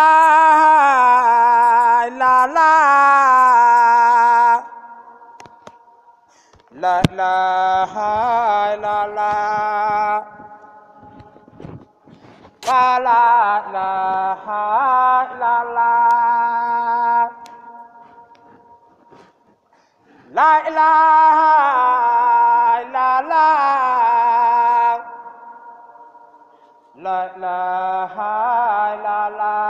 la la la la la la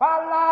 Pala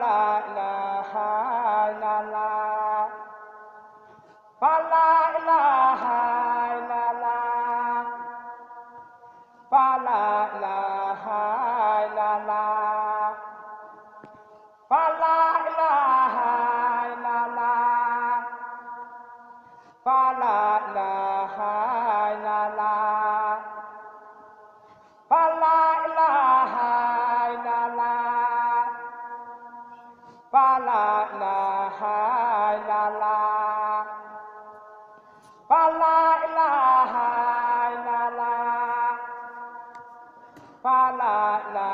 la la la